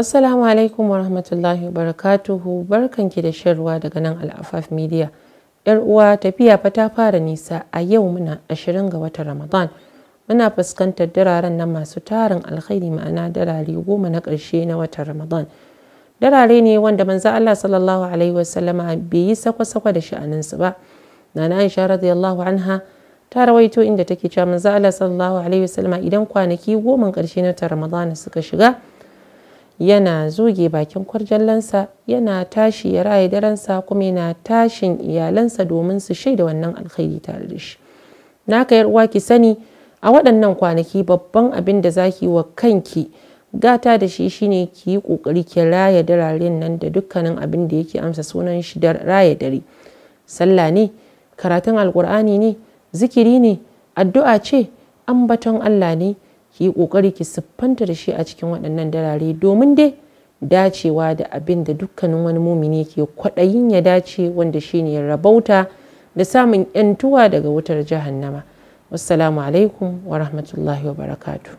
Assalamu alaikum wa rahmatullahi wa barakatuhu barkanki da shan ruwa daga nan al'afaf media. ‘Yar uwa tafiya fa ta fara nisa a yau muna ashirin ga watan Ramadan. Muna fuskantar dararen nan masu tarin alkhairi ma'ana darare goma na ƙarshe na watan Ramadan. Darare ne wanda manzo Allah sallallahu alaihi sallama bai yi sakwa-sakwa da su ba. Nana Aisha radiyallahu anha ta rawaito inda take cewa manzo Allah sallallahu alaihi sallama idan kwanaki goma ƙarshe na ta Ramadan suka shiga yana zuge bakin kwarjallansa yana tashi ya raye daransa kuma yana tashin iyalansa domin su shaida wannan alkhairi tare da shi na yar uwa ki sani a waɗannan kwanaki babban abin da za ki wa kanki gata da shi shine ki yi ƙoƙari ki raya dararen nan da dukkanin abin da yake amsa sunan shi da raya dare sallah ne karatun alkur'ani ne zikiri ne addu'a ce ambaton allah ne ki yi ƙoƙari ki siffanta da shi a cikin waɗannan darare domin dai dacewa da abin da dukkanin wani mumini ke kwaɗayin ya dace wanda shi ne rabauta da samun 'yantuwa daga wutar jahannama wassalamu alaikum wa rahmatullahi wa barakatu